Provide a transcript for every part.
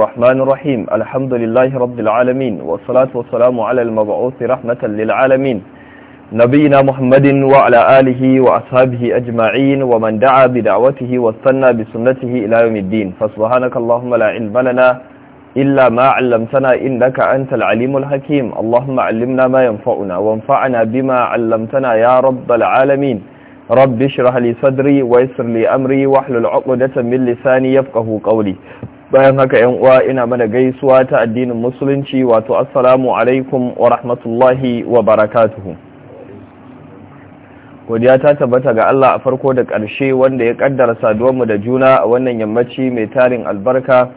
الرحمن الرحيم الحمد لله رب العالمين والصلاة والسلام على المبعوث رحمة للعالمين نبينا محمد وعلى آله وأصحابه أجمعين ومن دعا بدعوته واستنى بسنته إلى يوم الدين فسبحانك اللهم لا علم لنا إلا ما علمتنا إنك أنت العليم الحكيم اللهم علمنا ما ينفعنا وانفعنا بما علمتنا يا رب العالمين رب اشرح لي صدري ويسر لي أمري واحلل عقدة من لساني يفقه قولي bayan haka yan uwa ina mana gaisuwa ta addinin musulunci wato assalamu alaikum wa rahmatullahi wa barakatuhu godiya ta tabbata ga Allah a farko da ƙarshe wanda ya kaddara mu da juna a wannan yammaci mai tarin albarka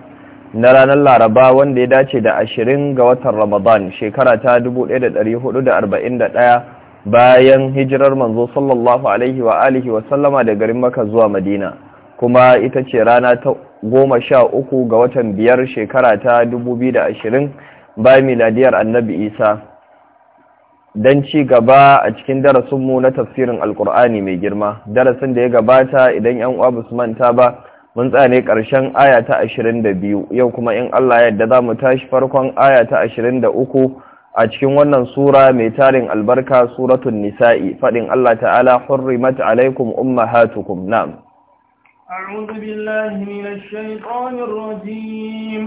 na ranar laraba wanda ya dace da 20 ga watan ramadan shekara ta 1441 bayan hijirar manzo sallallahu alaihi wa alihi wa sallama da garin maka zuwa madina kuma ita ce rana ta goma sha uku ga watan biyar shekara ta dubu biyu da ashirin bayan miladiyar annabi isa don ci gaba a cikin darasinmu na tafsirin alkur'ani mai girma darasin da ya gabata idan yan uwa basu manta ba mun tsane karshen aya ta ashirin da biyu yau kuma in allah yadda za mu tashi farkon aya ta ashirin da uku a cikin wannan sura mai tarin albarka suratun nisa'i faɗin allah ta'ala hurrimat alaikum ummahatukum na'am أعوذ بالله من الشيطان الرجيم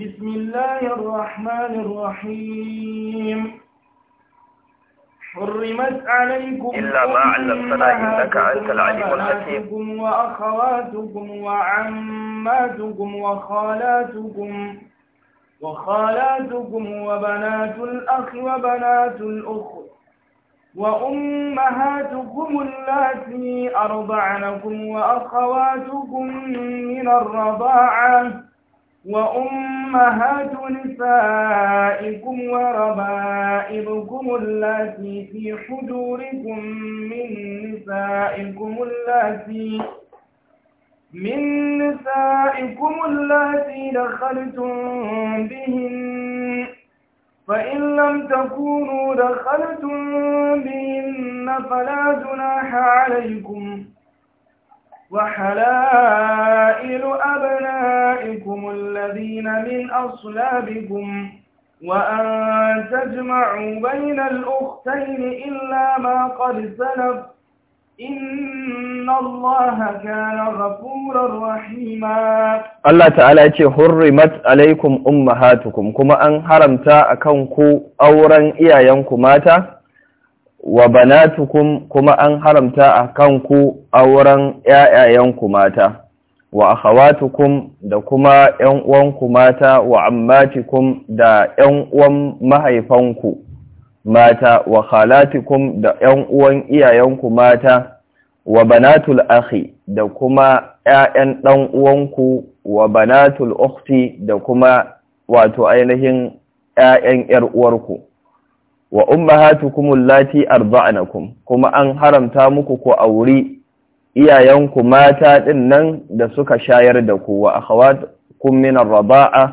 بسم الله الرحمن الرحيم حرمت عليكم إلا ما علمتنا إنك أنت العليم الحكيم وأخواتكم وعماتكم وخالاتكم وخالاتكم وبنات الأخ وبنات الأخ وأمهاتكم اللاتي أرضعنكم وأخواتكم من الرضاعة وأمهات نسائكم وربائبكم اللاتي في حجوركم من نسائكم اللاتي من نسائكم اللاتي دخلتم بهن فإن لم تكونوا دخلتم بهن فلا جناح عليكم وحلائل أبنائكم الذين من أصلابكم وأن تجمعوا بين الأختين إلا ما قد سلف Allah ta'ala ce hurrimat alaikum ummahatukum kuma an haramta kan ku auren iyayenku mata wa banatukum kuma an haramta kan ku auren yayayanku mata wa akhawatukum da kuma ƴan uwanku mata wa ammatikum da ƴan uwan mahaifanku mata wa khalatikum da ƴan uwan iyayenku mata wa banatul akhi da kuma ƴaƴan ɗan uwanku wa banatul ukhti da kuma wato ainihin ƴaƴan ƴar uwarku wa ummahatukum allati arda'nakum kuma an haramta muku ko auri iyayenku mata din nan da suka shayar da ku wa akhawatukum min ar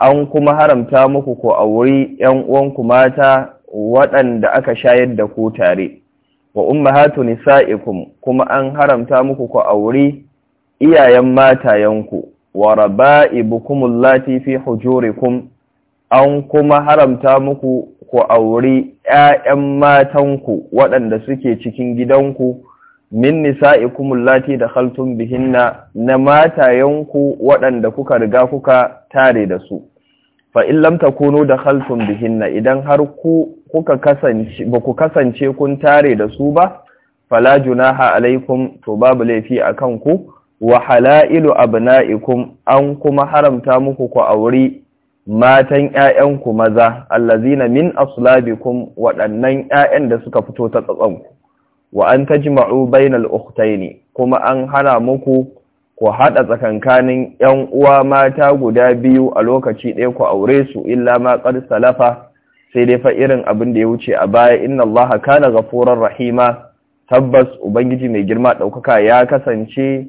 an kuma haramta muku ko auri ƴan uwanku mata waɗanda aka shayar da ku tare wa ummahatu nisa'ikum kuma an haramta muku ku aure iyayen matayenku wa raba'ibukum allati fi hujurikum an kuma haramta muku ku aure ƴaƴan matanku waɗanda suke cikin gidanku min nisa'ikum allati dakhaltum bihinna na matayenku waɗanda kuka riga kuka tare da su fa in lam takunu dakhaltum bihinna idan har ku kuka ba ku kasance kun tare da su ba fala junaha alaikum to babu laifi akan ku wa halailu abna'ikum an kuma haramta muku ku auri matan ƴaƴanku maza allazina min aslabikum waɗannan ƴaƴan da suka fito ta tsatsanku wa an tajma'u bainal ukhtaini kuma an hana muku ku haɗa tsakankanin ‘yan uwa mata guda biyu a lokaci ɗaya ku aure su illa ma salafa sai dai fa irin abin da ya wuce a baya inna allaha kana ghafurar rahima tabbas ubangiji mai girma ɗaukaka ya kasance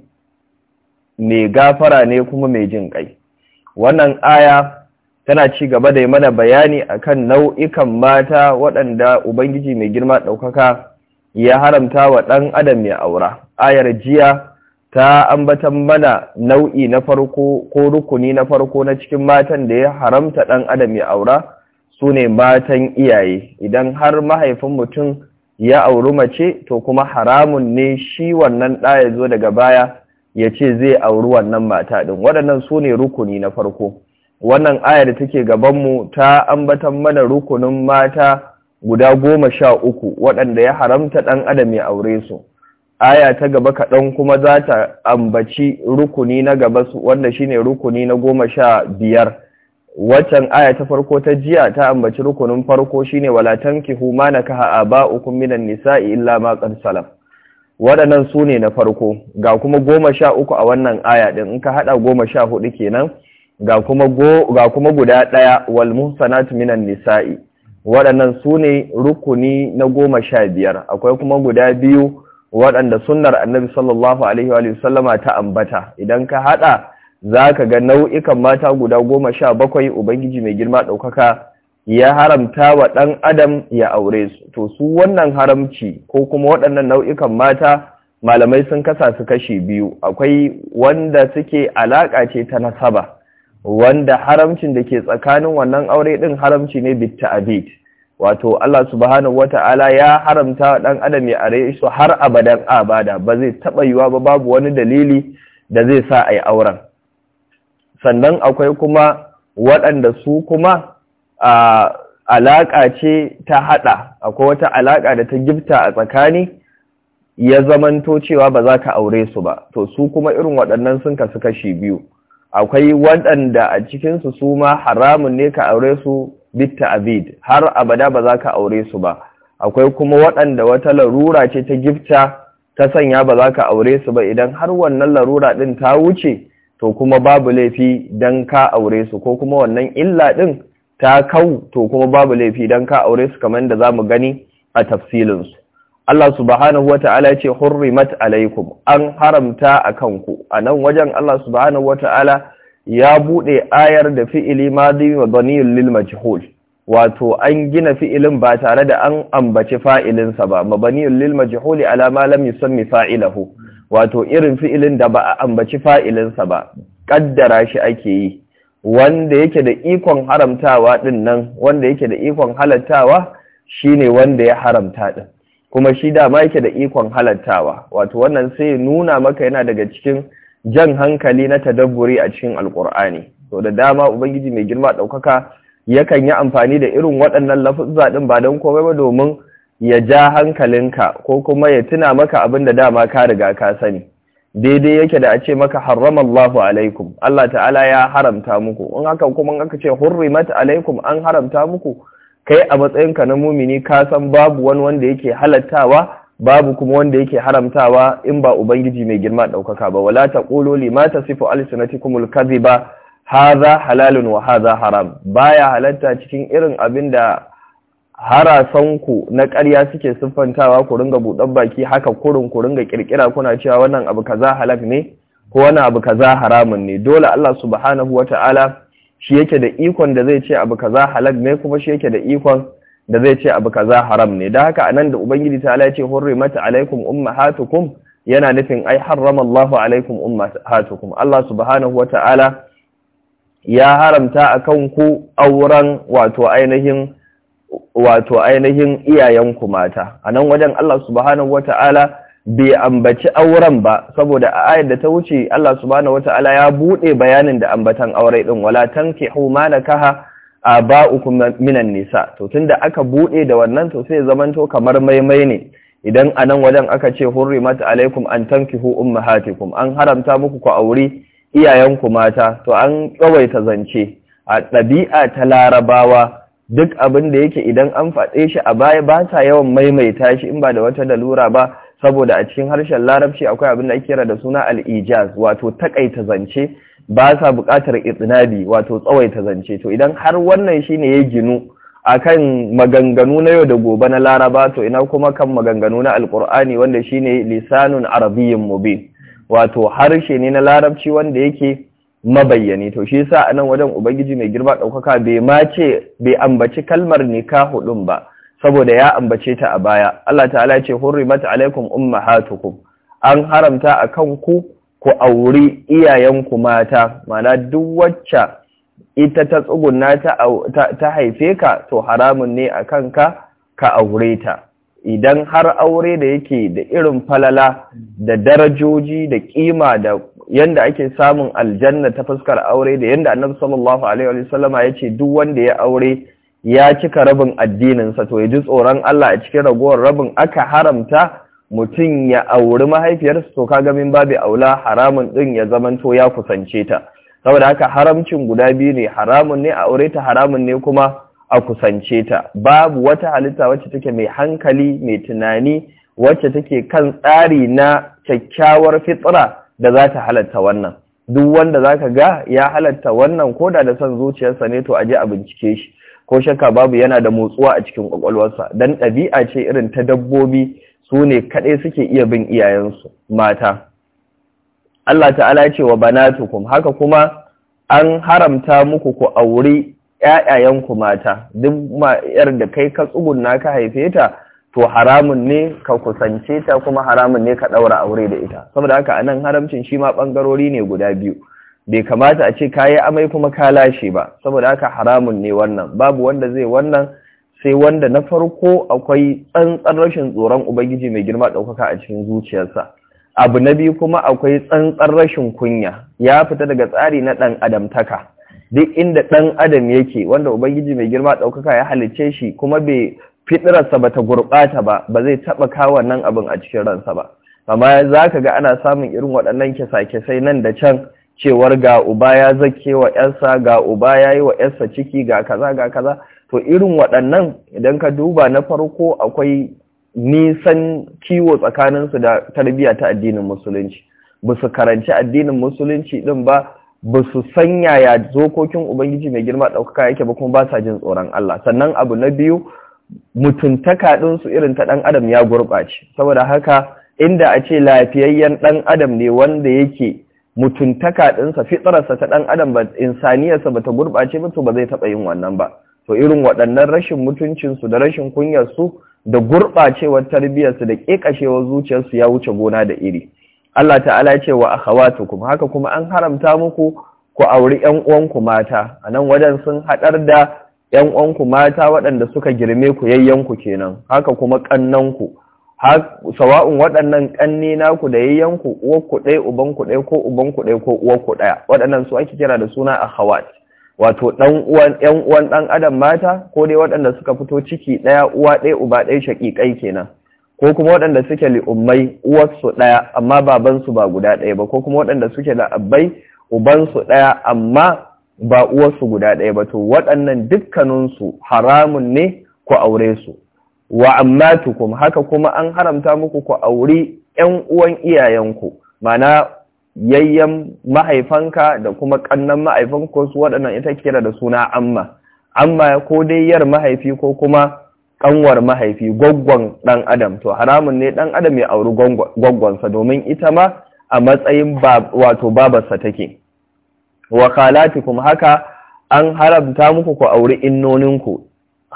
mai gafara ne kuma mai jin kai wannan aya tana ci gaba da mana bayani akan nau'ikan mata waɗanda ubangiji mai girma ɗaukaka ya haramta wa ɗan adam ya aura ayar jiya ta ambatan mana nau'i na farko ko rukuni na farko na cikin matan da ya haramta ɗan adam ya aura su ne matan iyaye idan har mahaifin mutum ya auri mace to kuma haramun ne shi wannan ɗa ya zo daga baya ya ce zai auri wannan mata ɗin waɗannan su ne rukuni na farko wannan ayar da take gabanmu ta ambatan mana rukunin mata guda goma sha uku waɗanda ya haramta ɗan adam ya aure su aya ta gaba kaɗan kuma za ta ambaci rukuni na gaba wanda shine rukuni na goma sha biyar waccan aya ta farko ta jiya ta ambaci rukunin farko shine wala tankihu ma nakaha aba'ukum minan nisa'i illa ma qad salaf waɗannan sune na farko ga kuma 13 a wannan aya din in ka hada 14 kenan ga kuma ga kuma guda daya wal muhsanat minan nisa'i waɗannan sune rukuni na 15 akwai kuma guda biyu waɗanda sunnar annabi sallallahu alaihi wa sallama ta ambata idan ka hada za ka ga nau'ikan mata guda goma sha bakwai ubangiji mai girma ɗaukaka ya haramta wa ɗan adam ya aure su to su wannan haramci ko kuma waɗannan nau'ikan mata malamai sun kasa su kashi biyu akwai wanda suke alaƙa ce ta nasaba wanda haramcin da ke tsakanin wannan aure ɗin haramci ne bitta abid wato Allah subhanahu wata'ala ya haramta ɗan adam ya are su har abadan abada ba zai taɓa yiwa ba babu wani dalili da zai sa a yi auren sannan akwai kuma waɗanda su kuma alaƙa ce ta haɗa akwai wata alaƙa da ta gifta a tsakani ya zamanto cewa ba za ka aure su ba to su kuma irin waɗannan sun kasu kashi biyu akwai waɗanda a cikinsu su ma haramun ne ka aure su bitta abid har abada ba za ka aure su ba akwai kuma waɗanda wata larura ce ta gifta ta sanya ba za ka aure su ba idan har wannan larura ɗin ta wuce to kuma babu laifi don ka aure su ko kuma wannan illa ɗin ta kau to kuma babu laifi don ka aure su kamar da za mu gani a tafsirinsu. Allah subhanahu ta'ala ya ce hurrimat alaikum an haramta a kanku. A nan wajen Allah subhanahu Ta'ala ya buɗe ayar da fi'ili ma wa dhaniyul lil majhul wato an gina fi'ilin ba tare da an ambaci fa'ilinsa ba mabaniyun lil majhul ala ma lam yusammi fa'ilahu wato irin fi'ilin da ba a ambaci fa'ilinsa ba ƙaddara shi ake yi wanda yake da ikon haramtawa ɗin nan wanda yake da ikon halattawa shi ne wanda ya haramta din kuma shi dama yake da ikon halattawa wato wannan sai nuna maka yana daga cikin jan hankali na tadabburi a cikin alkur'ani to da dama ubangiji mai girma ɗaukaka yakan yi amfani da irin waɗannan lafuzza ɗin ba don komai ba domin ya ja hankalinka ko kuma ya tuna maka abin da dama ka riga ka sani daidai yake da a ce maka haramallahu alaikum Allah ta'ala ya haramta muku in haka kuma aka ce hurrimat alaikum an haramta muku kai a matsayinka na mumini ka san babu wani wanda yake halattawa babu kuma wanda yake haramtawa in ba ubangiji mai girma daukaka ba wala taqulu lima tasifu alsinatikumul kadhiba hadha halalun wa hadha haram baya halatta cikin irin abin da harasanku na ƙarya suke siffantawa ku ringa buɗan baki haka kurin ku ringa ƙirƙira kuna cewa wannan abu kaza halak ne ko wannan abu kaza haramun ne dole Allah subhanahu wata'ala shi yake da ikon da zai ce abu kaza halak ne kuma shi yake da ikon da zai ce abu kaza haram ne da haka anan da ubangiji ta ala ce hurrimat alaikum ummahatukum yana nufin ai harrama Allahu alaikum ummahatukum Allah subhanahu wata'ala ya haramta akan ku auren wato ainihin wato ainihin iyayenku mata a nan wajen Allah subhanahu wata'ala bai ambaci auren ba saboda a ayar da ta wuce Allah subhanahu wata'ala ya buɗe bayanin da ambatan aure din wala tankihu ma nakaha uku minan nisa to tunda aka buɗe da wannan to sai zamanto kamar maimai ne idan a nan wajen aka ce hurri mata, alaikum an tankihu ummahatikum an haramta muku ku aure iyayenku mata to an tsawaita zance a ɗabi'a ta larabawa duk abin da yake idan an faɗe shi a baya ba ta yawan maimaita shi in ba da wata dalura ba saboda a cikin harshen larabci akwai abin da ake da suna al-ijaz wato takaita zance ba sa buƙatar itsinabi wato tsawaita zance to idan har wannan shine ya ginu akan maganganu na yau da gobe na laraba to ina kuma kan maganganu na alkur'ani wanda shine lisanun arabiyyin mubin wato harshe ne na larabci wanda yake mabayyani to shi yasa anan wajen ubangiji mai girma daukaka bai ma ce bai ambaci kalmar nikahu din ba saboda ya ambace ta a baya Allah ta'ala ya ce hurrimat alaikum ummahatukum an haramta akan ku ku auri iyayenku mata mana duk wacce ita ta tsugunna ta, ta haife ka to haramun ne akan ka ka aure ta idan har aure da yake da irin falala da darajoji da kima da yanda ake samun aljanna ta fuskar aure da yanda annabi sallallahu alaihi ya ce duk wanda ya aure ya cika rabin addininsa to ya ji tsoron Allah a cikin ragowar rabin aka haramta mutum ya auri mahaifiyarsa to kaga min babu aula haramun din ya zamanto ya kusance ta saboda haka haramcin guda biyu ne haramun ne a aure ta haramun ne kuma a kusance ta babu wata halitta wacce take mai hankali mai tunani wacce take kan tsari na kyakkyawar fitra da za ta halatta wannan duk wanda za ka ga ya halatta wannan ko da da son zuciyarsa ne to a je a bincike shi ko shakka babu yana da motsuwa a cikin kwakwalwarsa don ɗabi'a ce irin ta dabbobi su ne kaɗai suke iya bin iyayensu mata Allah ta'ala ce wa bana banatukum haka kuma an haramta muku ku auri ƴaƴayenku mata duk ma yar da kai ka tsugunna ka haife ta to haramun ne ka kusance ta kuma haramun ne ka ɗaura aure da ita saboda haka anan haramcin shi ma ɓangarori ne guda biyu bai kamata a ce kayi amai kuma ka lashe ba saboda haka haramun ne wannan babu wanda zai wannan sai wanda na farko akwai tsantsan rashin tsoron ubangiji mai girma ɗaukaka a cikin zuciyarsa abu na biyu kuma akwai tsantsan rashin kunya ya fita daga tsari na ɗan adamtaka duk inda ɗan adam yake wanda ubangiji mai girma ɗaukaka ya halicce shi kuma bai fitirarsa ba ta gurɓata ba ba zai taɓa kawo nan abin a cikin ransa ba amma za ka ga ana samun irin waɗannan kisa-kisai nan da can cewar ga uba ya zake wa ‘yarsa ga uba ya yi wa ‘yarsa ciki ga kaza ga kaza to irin waɗannan idan ka duba na farko akwai nisan kiwo tsakaninsu da tarbiyya ta addinin musulunci ba su karanci addinin musulunci din ba ba su san yaya zokokin ubangiji mai girma ɗaukaka yake ba kuma ba sa jin tsoron Allah sannan abu na biyu mutuntaka ɗinsu irin ta ɗan adam ya gurɓace saboda haka inda a ce lafiyayyen ɗan adam ne wanda yake mutuntaka ɗinsa fitararsa ta ɗan adam ba insaniyarsa ba ta gurɓace ba to ba zai taɓa yin wannan ba to irin waɗannan rashin mutuncinsu da rashin kunyarsu da gurɓacewar tarbiyyarsu da ƙeƙashewar zuciyarsu ya wuce gona da iri Allah ta'ala ya ce wa kuma. haka kuma an haramta muku ku auri ƴan uwanku mata anan wajen sun haɗar da ‘yan uwanku mata waɗanda suka girme ku yayyanku kenan haka kuma ƙannanku sawa'un waɗannan ƙanni naku da yayyanku uwanku ɗaya ubanku ɗaya ko ubanku ɗaya ko uwanku ɗaya waɗannan su ake kira da suna a hawat wato ɗan uwan ‘yan uwan ɗan adam mata ko dai waɗanda suka fito ciki ɗaya uwa ɗaya uba ɗaya shaƙiƙai kenan ko kuma waɗanda suke li'ummai uwarsu ɗaya amma babansu ba guda ɗaya ba ko kuma waɗanda suke da abbai ubansu ɗaya amma ba uwarsu guda ɗaya ba to waɗannan dukkaninsu haramun ne ku aure su wa tukum haka kuma an haramta muku ku auri 'yan uwan iyayenku mana yayyan mahaifanka da kuma ƙannan mahaifanku su waɗannan ita kira da suna amma amma ko dai yar mahaifi ko kuma ƙanwar mahaifi gwaggon ɗan adam to haramun ne ɗan adam ya auri gwaggonsa domin ita ma a matsayin wato babarsa take Wakalati kuma haka an haramta muku ku auri innoninku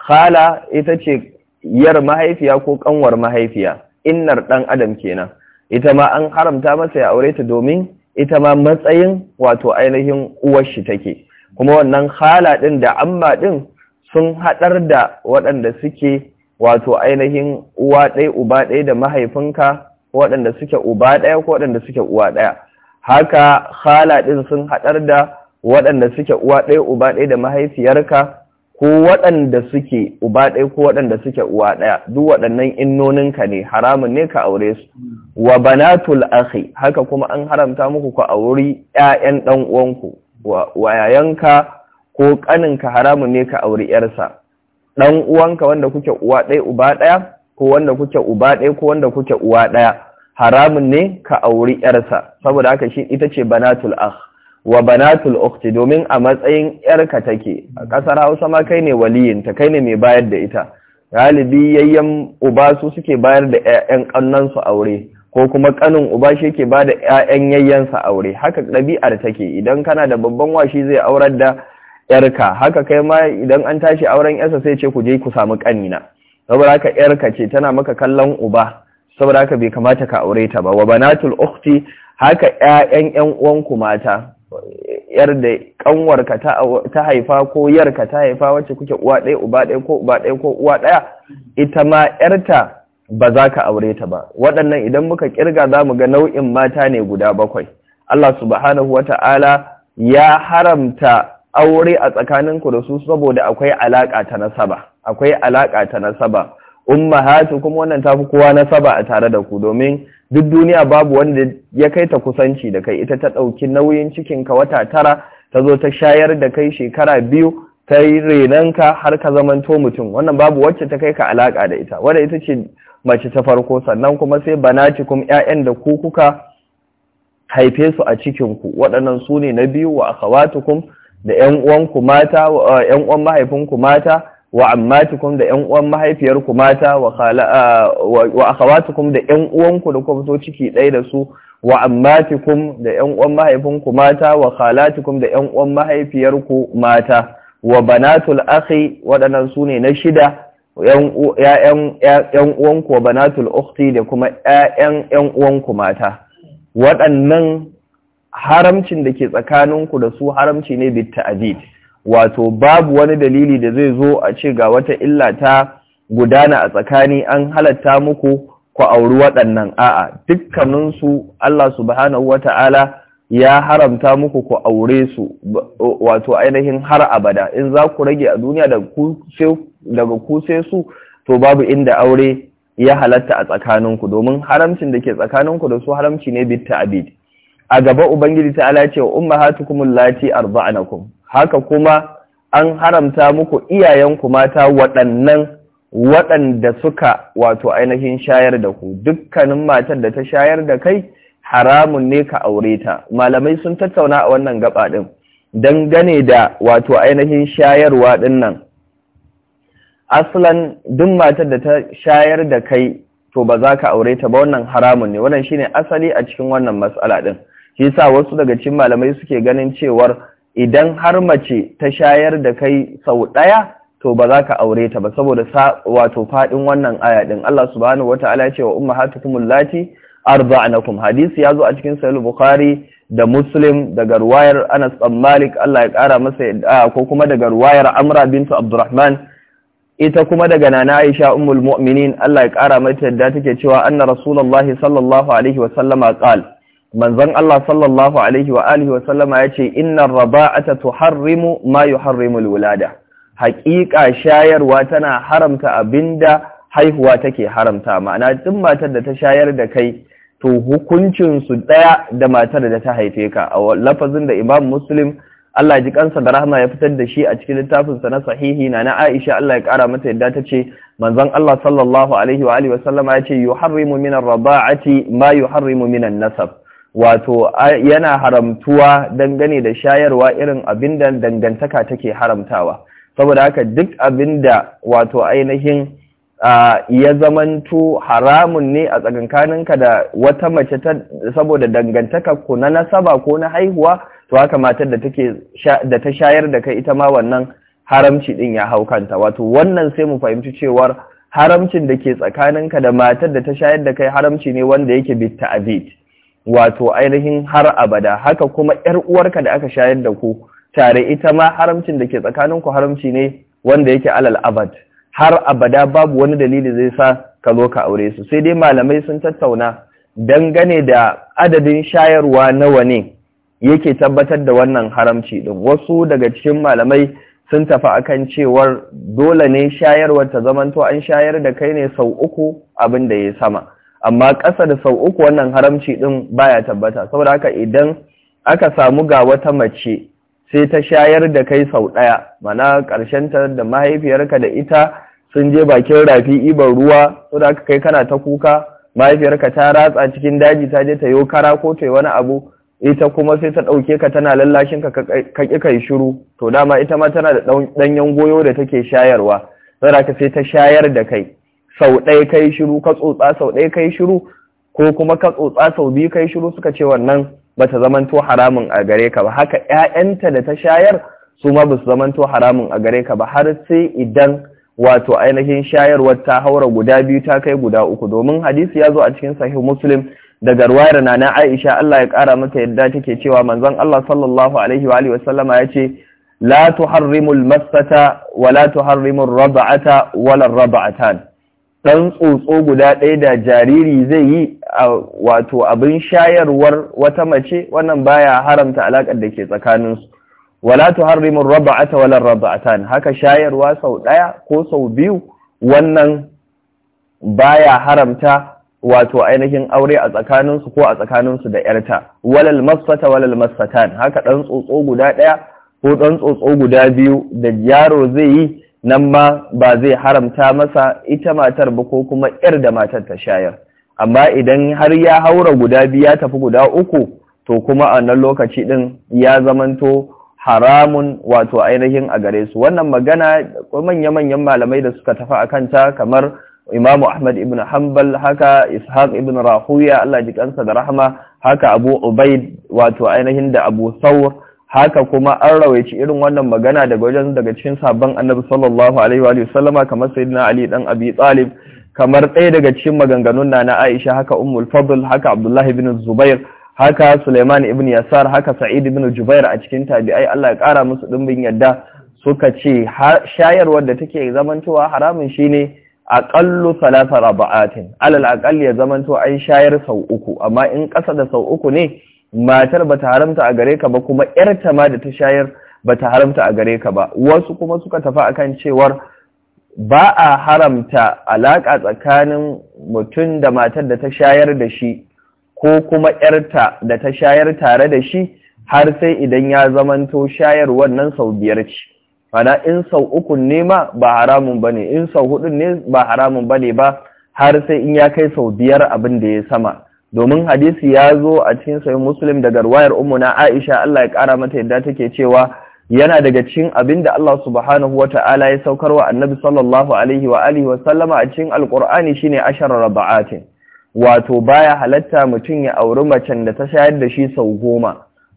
khala ita ce yar mahaifiya ko kanwar mahaifiya innar dan adam kenan ita ma an haramta masa ya aure ta domin ita ma matsayin wato ainihin uwar shi take kuma wannan khala din da amma din sun hadar da waɗanda suke wato ainihin uwa ɗaya uba ɗaya da mahaifinka waɗanda suke uba ɗaya ko waɗanda suke uwa ɗaya haka khala ɗin sun haɗar da waɗanda suke uwa ɗaya uba ɗaya da mahaifiyarka ko waɗanda suke uba ɗaya ko waɗanda suke uwa ɗaya duk waɗannan innoninka ne haramun ne ka aure su wa banatul akhi haka kuma an haramta muku ku auri ƴaƴan ɗan uwanku wa yayanka ko ƙaninka haramun ne ka auri ƴarsa ɗan uwanka wanda kuke uwa ɗaya uba ɗaya ko wanda kuke uba ɗaya ko wanda kuke uwa ɗaya haramun ne ka auri yarsa saboda haka shi ita ce banatul akh wa banatul ukhti domin a matsayin yarka take a kasar Hausa ma kai ne ta kai ne mai bayar da ita galibi yayyan uba su suke bayar da ƴaƴan kannan su aure ko kuma kanin uba shi yake bada ƴaƴan yayyan aure haka ɗabi'ar take idan kana da babban washi zai aurar da yarka haka kai ma idan an tashi auren yarsa sai ce ku je ku samu kanina saboda haka yarka ce tana maka kallon uba saboda haka bai kamata ka aure ta ba wa banatul ukhti haka ƴaƴan ƴan uwanku mata yar da kanwarka ta haifa ko yarka ta haifa wacce kuke uwa ɗaya uba ɗaya ko uba ɗaya ko uwa ɗaya ita ma yarta ba za ka aure ta ba waɗannan idan muka kirga za mu ga nau'in mata ne guda bakwai Allah subhanahu wata'ala ya haramta aure a tsakaninku da su saboda akwai alaƙa ta nasaba akwai alaƙa ta nasaba kuma wannan tafi kowa nasaba a tare da ku domin duk duniya babu wanda ya kai ta kusanci da kai ita ta ɗauki nauyin cikin ka wata tara ta zo ta shayar da kai shekara biyu ta yi renanka har ka zamanto mutum wannan babu wacce ta kai ka alaka da ita wadda ita ce mace ta farko sannan kuma sai banatikum ƴaƴan da ku kuka haife su a cikin ku waɗannan su ne na biyu wa akhawatukum da ƴan uwanku mata ƴan uwan mahaifinku mata wa ammatukum da ƴan uwan mahaifiyarku mata wa akhawatukum da ƴan uwanku da kuma fito ciki ɗaya da su wa ammatikum da ƴan uwan mahaifinku mata wa khalatukum da ƴan uwan mahaifiyarku mata wa banatul akhi waɗannan su ne na shida ƴan uwanku wa banatul ukhti da kuma ‘ya'yan ƴan uwanku mata waɗannan haramcin da ke tsakaninku da su haramci ne bitta abid wato babu wani dalili da zai zo a ce ga wata illa ta gudana a tsakani an halatta muku ku auri waɗannan a'a dukkaninsu Allah subhanahu wata'ala ya haramta muku ku aure su wato ainihin har abada in za ku rage a duniya daga ku sai su to babu inda aure ya halatta a tsakaninku domin haramcin da ke tsakaninku da su haramci ne bitta abid a gaba ubangiji ta ala ce wa ummahatukum allati arda'anakum haka kuma an haramta muku iyayenku mata waɗannan waɗanda suka wato ainihin shayar da ku dukkanin matar da ta shayar da kai haramun ne ka aure ta malamai sun tattauna a wannan gaba ɗin dangane da wato ainihin shayarwa ɗin nan asalan duk matar da ta shayar da kai to ba za ka aure ta ba wannan haramun ne wannan shine asali a cikin wannan matsala ɗin shi yasa wasu daga cikin malamai suke ganin cewar idan har mace ta shayar da kai sau ɗaya to ba za ka aure ta ba saboda wato faɗin wannan aya ɗin Allah subhanahu wata'ala ya ce wa arba a arda'nakum hadisi ya zo a cikin sahih bukhari da muslim daga ruwayar Anas bin Malik Allah ya ƙara masa ko kuma daga ruwayar Amra bintu Abdurrahman ita kuma daga nana Aisha ummul mu'minin Allah ya ƙara mata yadda take cewa anna rasulullahi sallallahu alaihi wa sallama qala manzon Allah sallallahu alaihi wa alihi wa sallama yace innar raba'ata tuharrimu ma yuharrimu lulada. haƙiƙa shayarwa tana haramta abinda haihuwa take haramta ma'ana tun matar da ta shayar da kai to hukuncin su daya da matar da ta haife ka a lafazin da Imam Muslim Allah ji kansa da rahama ya fitar da shi a cikin littafinsa na sahihi na na Aisha Allah ya kara mata yadda ta ce manzon Allah sallallahu alaihi wa alihi wa sallama ya ce yuharrimu min ar-raba'ati ma yuharrimu min an-nasab wato yana haramtuwa dangane da shayarwa irin abin da dangantaka take haramtawa saboda haka duk abin da wato ainihin ya zamanto haramun ne a tsakankaninka da wata mace ta saboda dangantaka ko na nasaba ko na haihuwa to haka matar da da ta shayar da kai ita ma wannan haramci din ya hau kanta wato wannan sai mu fahimci cewar haramcin da ke tsakaninka da matar da ta shayar da kai haramci ne wanda yake bitta abid wato ainihin har abada haka kuma ‘yar uwarka da aka shayar da ku tare ita ma haramcin da ke tsakanin ku haramci ne wanda yake alal abad har abada babu wani dalili zai sa ka zo ka aure su sai dai malamai sun tattauna dangane da adadin shayarwa nawa ne yake tabbatar da wannan haramci din wasu daga cikin malamai sun tafi akan cewar dole ne shayarwar ta zamanto an shayar da kai ne sau uku abin da ya sama amma ƙasa da sau uku wannan haramci ɗin baya tabbata saboda haka idan aka samu ga wata mace sai ta shayar da kai sau ɗaya mana ta da mahaifiyarka da ita sun je bakin rafi ibar ruwa da aka kai kana ta kuka mahaifiyarka ta ratsa cikin daji ta je ta yo kara ko ta wani abu ita kuma sai ta ɗauke ka tana lallashin ka ƙi kai shiru to dama ita ma tana da ɗanyen goyo da take shayarwa da aka sai ta shayar da kai sau ɗaya kai shiru ka tsotsa sau ɗaya kai shiru ko kuma ka tsotsa sau biyu kai shiru suka ce wannan bata zamanto haramun a gare ka ba haka 'ya'yanta da ta shayar su ma basu zamanto haramun a gare ka ba har sai idan wato ainihin shayarwar ta haura guda biyu ta kai guda uku domin hadisi ya zo a cikin sahih muslim daga ruwayar nana Aisha Allah ya kara mata yadda take cewa manzon Allah sallallahu alaihi wa sallama ya ce, la tuharrimul masata wa la tuharrimur rab'ata wala rab'atan ɗan tsotso guda ɗaya da jariri zai yi a wato abin shayarwar wata mace wannan baya haramta alaƙar da ke tsakaninsu wala tuharrimur raba'ata wala raba'atan haka shayarwa sau ɗaya ko sau biyu wannan baya haramta wato ainihin aure a tsakaninsu ko a tsakaninsu da yarta walal masfata walal masfatan haka ɗan tsotso guda ɗaya ko ɗan tsotso guda biyu da yaro zai yi nan ma ba zai haramta masa ita matar ba ko kuma ‘yar da matar ta shayar amma idan har ya haura guda biyu ya tafi guda uku to kuma a nan lokaci din ya zamanto haramun wato ainihin a gare su wannan magana manya-manyan malamai da suka tafi a kanta kamar Imam Ahmad ibn Hanbal haka Ishaq ibn Rahuya Allah ji kansa da rahama haka Abu Ubaid wato ainihin da Abu Thawr haka kuma an rawaici irin wannan magana daga wajen daga cikin sabon annabi sallallahu alaihi wa sallama kamar sayyidina ali dan abi talib kamar ɗaya daga cikin maganganun na aisha haka ummul fadl haka abdullahi ibn zubair haka suleiman ibn yasar haka sa'id ibn jubair a cikin tabi'ai Allah ya kara musu dimbin yadda suka ce shayarwar da take zamantowa haramun shine aqallu salasa raba'atin alal aqalli ya zamanto ai shayar sau uku amma in ƙasa da sau uku ne matar ba ta haramta a gare ka ba kuma yarta ma da ta shayar ba ta haramta a gare ka ba wasu kuma suka tafi akan cewar ba a haramta alaka tsakanin mutum da matar da ta shayar da shi ko kuma yarta da ta shayar tare da shi har sai idan ya zamanto shayar wannan sau biyar ce mana in sau uku ne ma ba haramun bane in sau hudu ne ba haramun bane ba har sai in ya kai sau biyar abin da ya sama domin hadisi ya zo a cikin sayin muslim daga ruwayar ummuna aisha Allah ya kara mata yadda take cewa yana daga cikin abinda Allah subhanahu ta'ala ya saukarwa annabi sallallahu alaihi wa alihi wa sallama a cikin alqur'ani shine ashara rabaatin wato baya halatta mutum ya auri macen da ta shayar da shi sau goma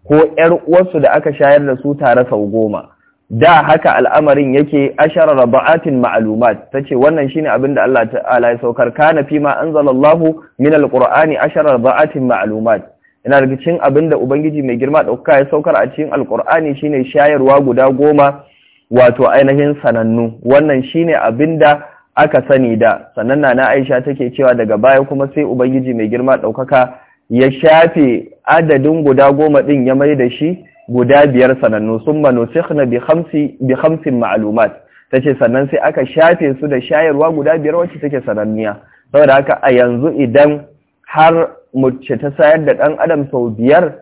ko 'yar uwarsu da aka shayar da su tare sau goma da haka al'amarin yake ashara raba'atin ma'lumat tace wannan shine abin da Allah ta'ala ya saukar kana fi ma anzalallahu min alqur'ani ashara raba'atin ma'lumat ina daga cikin abin da ubangiji mai girma dauka ya saukar a cikin alqur'ani shine shayarwa guda goma wato ainihin sanannu wannan shine abin da aka sani da sannan na Aisha take cewa daga baya kuma sai ubangiji mai girma ɗaukaka ya shafe adadin guda goma din ya mai da shi guda biyar sanannu sun manusikhna bi na bi khamsin ta tace sannan sai aka shafe su da shayarwa guda biyar wacce take sananniya saboda haka a yanzu idan har mace ta sayar da ɗan adam sau biyar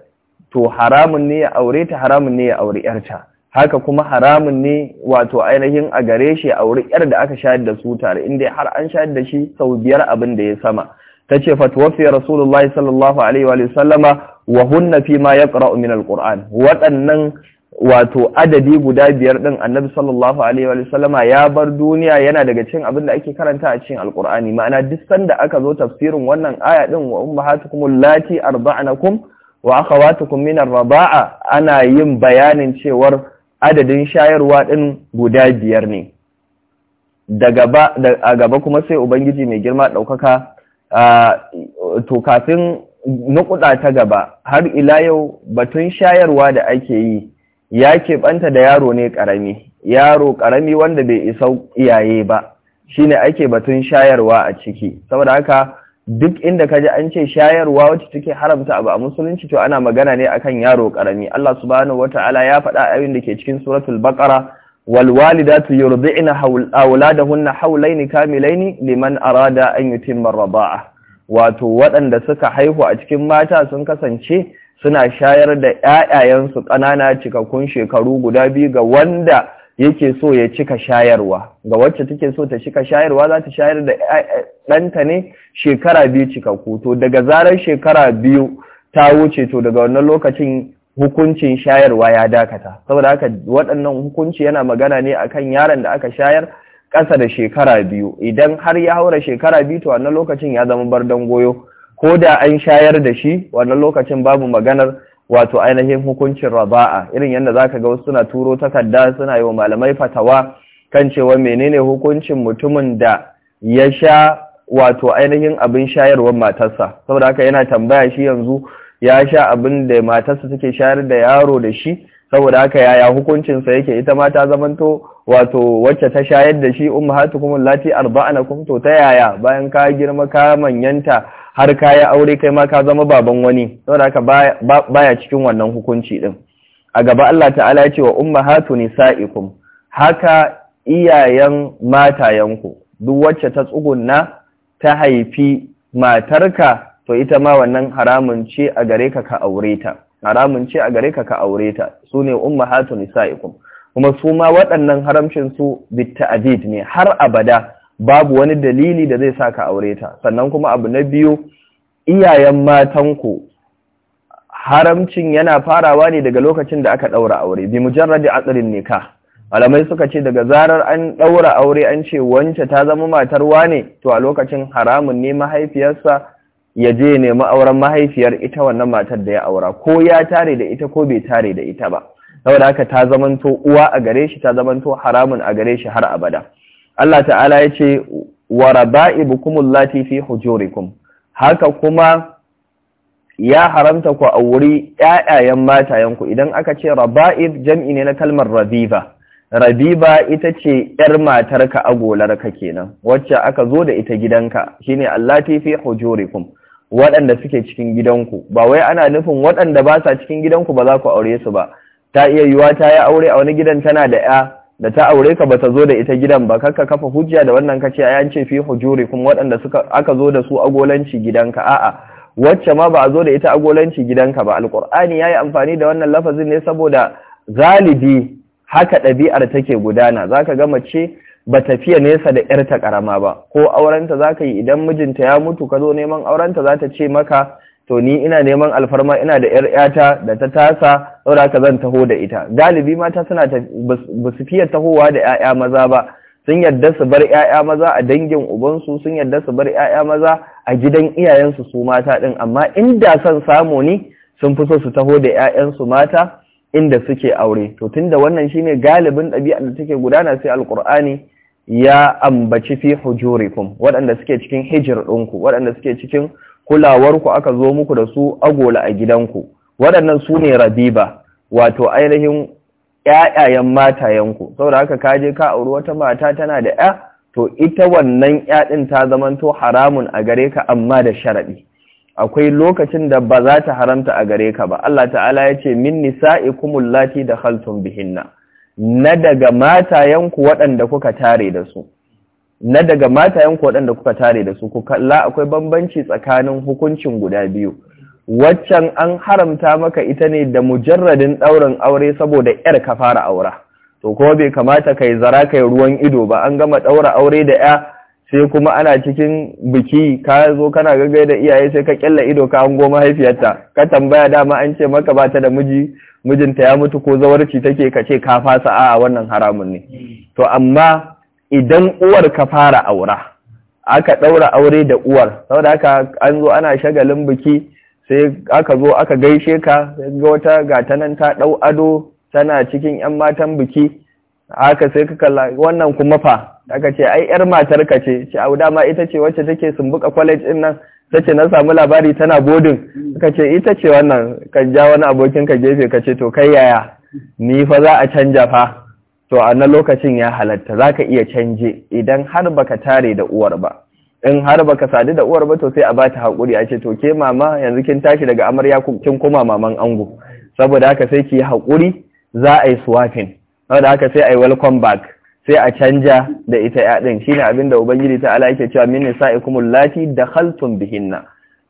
to haramun ne ya aure ta haramun ne ya aure yarta haka kuma haramun ne wato ainihin a gare shi aure yar da aka shayar da su tare inda har an shayar da shi sau biyar abin da ya sama ta tace fatwafi rasulullahi sallallahu alaihi wa sallama wa hunna fi ma yaqra'u min alquran waɗannan wato adadi guda biyar din annabi sallallahu alaihi wa sallama ya bar duniya yana daga cikin abin da ake karanta a cikin alqur'ani ma'ana duk sanda aka zo tafsirin wannan aya din wa ummahatukum allati arba'anakum wa akhawatukum min arba'a ana yin bayanin cewar adadin shayarwa din guda biyar ne daga ba a gaba kuma sai ubangiji mai girma daukaka to kafin kuɗa ta gaba har ila yau batun shayarwa da ake yi ya keɓanta da yaro ne ƙarami yaro ƙarami wanda bai isa iyaye ba shine ake batun shayarwa a ciki saboda haka duk inda ka ji an ce shayarwa wacce take haramta abu a musulunci to ana magana ne akan yaro ƙarami Allah subhanahu wata'ala ya faɗa abin da ke cikin suratul baqara wal walidatu yurdi'na awladahunna hawlayn kamilaini liman arada an yutimma ar-rida'a wato waɗanda suka haihu a cikin mata sun kasance suna shayar da yayayansu ƙanana cikakkun shekaru guda biyu ga wanda yake so ya cika shayarwa ga wacce take so ta cika shayarwa za ta shayar da ɗanta ne shekara biyu cikakku to daga zarar shekara biyu ta wuce to daga wannan lokacin hukuncin shayarwa ya dakata saboda haka waɗannan hukunci yana magana ne akan yaron da aka shayar ƙasa da shekara biyu idan har ya haura shekara biyu to wannan lokacin ya zama bardan goyo ko da an shayar da shi wannan lokacin babu maganar wato ainihin hukuncin raba'a irin yadda zaka ga wasu suna turo takarda suna yi wa malamai fatawa kan cewa menene hukuncin mutumin da ya sha wato ainihin abin shayarwar matarsa saboda haka yana tambaya shi yanzu ya sha abin da matarsa take shayar da yaro da shi saboda haka yaya hukuncinsa yake ita ma ta zamanto wato wacce ta shayar da shi Lati allati arba'anakum to ta yaya bayan ka girma ka manyanta har ka yi aure kai ma ka zama baban wani saboda haka baya cikin wannan hukunci din a gaba Allah ta'ala ya ce wa ummahatu nisaikum haka iyayen matayenku duk wacce ta tsugunna ta haifi matarka to ita ma wannan haramun ce a gare ka ka aure ta haramun ce a gare ka ka aure ta su ne ummahatun nisa'ikum kuma su ma waɗannan haramcin su bitta bitta'did ne har abada babu wani dalili da zai saka aure ta sannan kuma abu na biyu iyayen matan ku. haramcin yana farawa ne daga lokacin da aka ɗaura aure bi mujarradi aqlin nikah malamai suka ce daga zarar an ɗaura aure an ce wance ta zama matar wane to a lokacin haramun ne mahaifiyarsa ya je ya nemi auren mahaifiyar ita wannan matar da ya aura ko ya tare da ita ko bai tare da ita ba saboda haka ta zamanto uwa a gare shi ta zamanto haramun a gare shi har abada Allah ta'ala ya ce wa raba'ibukumul lati fi hujurikum haka kuma ya haramta ku a wuri ƴaƴayen matayenku idan aka ce raba'ib jam'i ne na kalmar rabiba rabiba ita ce ƴar matarka agolarka kenan wacce aka zo da ita gidanka shine allati fi hujurikum waɗanda suke cikin gidanku ba wai ana nufin waɗanda ba sa cikin gidanku ba za ku aure su ba ta iya yiwuwa ta yi aure a wani gidan tana da ya da ta aure ka bata zo da ita gidan ba kakka kafa hujja da wannan kace ai an ce fi hujuri kuma waɗanda suka aka zo da su agolanci gidanka a'a wacce ma ba a zo da ita agolanci gidanka ba alqur'ani yayi amfani da wannan lafazin ne saboda zalibi haka ɗabi'ar take gudana zaka ga mace ba tafiya nesa da ‘yarta ƙarama ba, ko aurenta za ka yi idan mijinta ya mutu ka zo neman aurenta za ta ce maka, to ni ina neman alfarma ina da ƴar ‘yata da ta tasa, saura ka zan taho da ita. Galibi mata suna ba su fiye tahowa da ‘ya'ya maza ba, sun yarda su bar ‘ya'ya maza a dangin ubansu, sun yarda su bar ‘ya'ya maza a gidan iyayensu su mata ɗin, amma inda son samu ni sun fi so su taho da ‘ya'yansu mata inda suke aure. To tunda wannan shine galibin ɗabi'a da take gudana sai Alƙur'ani ya ambaci fi hujurikum waɗanda suke cikin hijir ɗinku waɗanda suke cikin kulawarku aka zo muku da su agola a gidanku waɗannan su ne rabiba wato ainihin ƴaƴayen matayenku saboda haka ka je ka auri wata mata tana da ƴa to ita wannan ƴa ɗin ta zamanto haramun a gare ka amma da sharaɗi akwai lokacin da ba za ta haramta a gare ka ba Allah ta'ala ya ce min nisa'ikumul da dakhaltum bihinna na daga matayenku waɗanda kuka tare da su na daga matayenku waɗanda kuka tare da su ku kalla akwai bambanci tsakanin hukuncin guda biyu waccan an haramta maka ita ne da mujarradin ɗaurin aure saboda ‘yar ka fara aura to kuma bai kamata ka yi zara kai ruwan ido ba an gama ɗaura aure da ‘ya sai kuma ana cikin biki ka zo kana gaggai da iyaye sai ka kyalla ido ka hango mahaifiyarta ka tambaya dama an ce maka ba ta da miji mijinta ya mutu ko zawarci take ka ce ka fasa a wannan haramun ne to amma idan uwar ka fara aura aka ɗaura aure da uwar saboda haka an zo ana shagalin biki sai aka zo aka gaishe ka ga wata gatanan ta ɗau ado tana cikin 'yan matan biki haka sai ka kalla wannan kuma fa aka ce ai yar matar ka ce ce a dama ita ce wacce take sumbuka college din nan tace na samu labari tana boarding aka ce ita ce wannan ka ja wani abokin ka gefe ka ce to kai yaya ni fa za a canja fa to a nan lokacin ya halatta zaka iya canje idan har baka tare da uwar ba in har baka sadu da uwar ba to sai a ba ta hakuri a ce to ke mama yanzu kin tashi daga amarya kin kuma maman ango saboda haka sai ki hakuri za a yi swapping saboda haka sai yi welcome back sai a canja da ita ya Shi shine abin da ubangiji ta ala yake cewa min lati, da haltun bihinna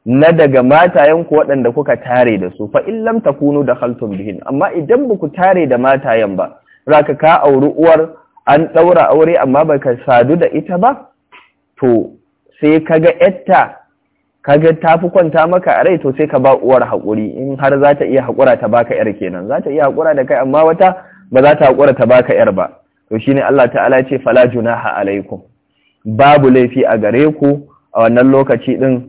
na daga matayen ku waɗanda kuka tare da su fa in kunu da haltun bihin amma idan ba ku tare da matayen ba za ka auri uwar an ɗaura aure amma baka sadu da ita ba to sai kaga yatta ta tafi kwanta maka a rai to sai ka ba uwar haƙuri in har za ta iya haƙura ta baka yar kenan za ta iya haƙura da kai amma wata ba za ta haƙura ta baka ‘yar ba, to shi ne Allah ta'ala ce fala junaha alaikum, babu laifi a gare ku a wannan lokaci ɗin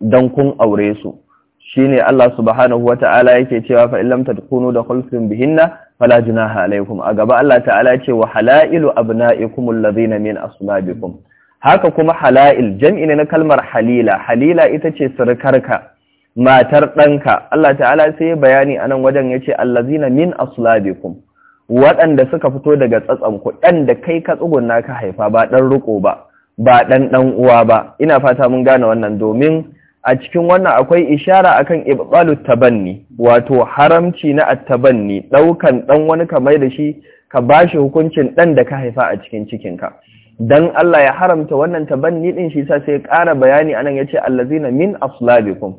don kun aure su, shi ne Allah subhanahu wa ta'ala yake cewa fa'ilam ta kunu da kulfin bihinna fala junaha alaikum, a gaba Allah ta'ala ce wa hala'ilu abna'ikumul lazina min asulabikum. Haka kuma hala'il jam'i ne na kalmar halila, halila ita ce sirikarka. matar ɗanka Allah ta'ala sai bayani a nan wajen ya ce allazina min aslabikum waɗanda suka fito daga tsatsanku ɗan da kai ka tsugunna ka haifa ba ɗan riƙo ba ba ɗan ɗan uwa ba ina fata mun gane wannan domin a cikin wannan akwai ishara akan ibbalu tabanni wato haramci na attabanni ɗaukan ɗan wani ka mai da shi ka bashi hukuncin ɗan da ka haifa a cikin cikinka dan Allah ya haramta wannan tabanni din shi sa sai ƙara bayani anan yace allazina min aslabikum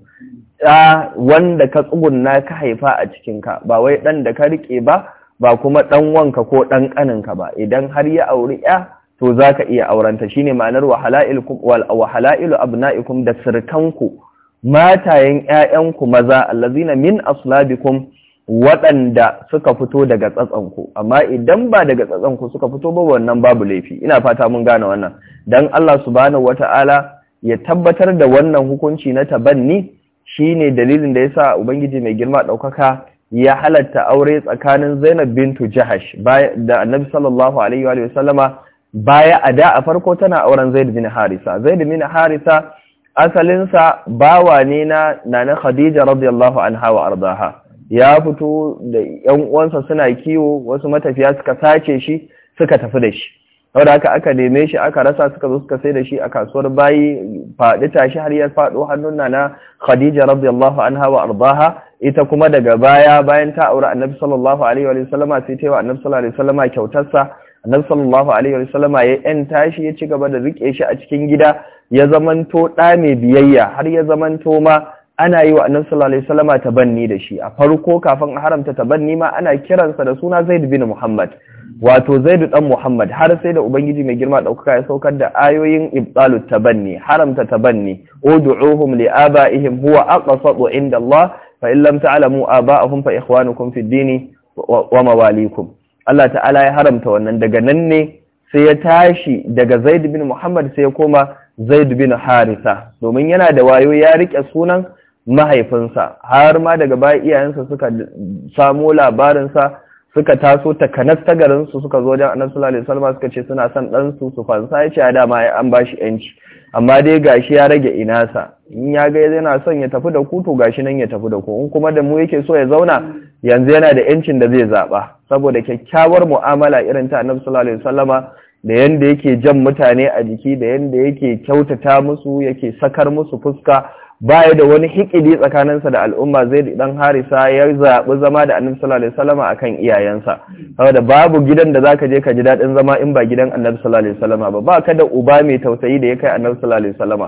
ɗa wanda ka tsugunna ka haifa a cikinka ba wai ɗan da ka riƙe ba ba kuma ɗan wanka ko ɗan ƙaninka ba idan har ya auri ya to za ka iya auranta shi ne ma'anar wahala'ilu abna'ikum da sirkanku matayen 'ya'yanku maza allazina min aslabikum waɗanda suka fito daga tsatsanku amma idan ba daga tsatsanku suka fito ba wannan babu laifi ina fata mun gane wannan Don Allah subhanahu wata'ala ya tabbatar da wannan hukunci na tabanni Shi ne dalilin da ya sa ubangiji mai girma ɗaukaka ya halatta aure tsakanin Zainab bintu Jahash da Annabi sallallahu alaihi wa sallama baya a da a farko tana auren Zaid bin Harisa Zaid bin Harisa asalinsa bawa ne na nana Khadija radiyallahu anha wa ardaha ya fito da yan uwansa suna kiwo wasu matafiya suka sace shi suka tafi da shi saboda haka aka neme shi aka rasa suka zo suka sai da shi a kasuwar bayi faɗi tashi har ya faɗo hannun na Khadija radiyallahu anha wa ardaha ita kuma daga baya bayan ta aure Annabi sallallahu alaihi wa sallama sai ta wa Annabi sallallahu alaihi wa sallama sa Annabi sallallahu alaihi wa sallama ya yan tashi ya ci gaba da rike shi a cikin gida ya zamanto ɗa mai biyayya har ya zamanto ma ana yi wa annabi sallallahu alaihi wasallama tabanni da shi a farko kafin a haramta tabanni ma ana kiransa da suna Zaid bin Muhammad wato Zaid dan Muhammad har sai da ubangiji mai girma daukaka ya saukar da ayoyin ibtalut tabanni haramta tabanni ud'uhum li abaihim huwa aqsatu inda Allah fa in lam ta'lamu aba'ahum fa ikhwanukum fid dini wa mawalikum Allah ta'ala ya haramta wannan daga nan ne sai ya tashi daga Zaid bin Muhammad sai ya koma Zaid bin Harisa domin yana da wayo ya rike sunan mahaifinsa har ma daga baya iyayensa suka samo labarinsa suka taso ta kanas ta garinsu suka zo wajen annabi sallallahu alaihi suka ce suna son ɗansu su fansa ya ce a dama an bashi yanci amma dai gashi ya rage inasa in ya ga yana son ya tafi da ku gashi nan ya tafi da ku in kuma da mu yake so ya zauna yanzu yana da yancin da zai zaba saboda kyakkyawar mu'amala irin ta annabi sallallahu alaihi da yanda yake jan mutane a jiki da yanda yake kyautata musu yake sakar musu fuska baya da wani hikidi tsakaninsa da al'umma zai dan harisa ya zaɓi zama da annabi sallallahu alaihi wasallam akan iyayensa saboda babu gidan da zaka je ka ji dadin zama in ba gidan annabi sallallahu alaihi wasallam ba baka da uba mai tausayi da ya kai annabi sallallahu alaihi wasallam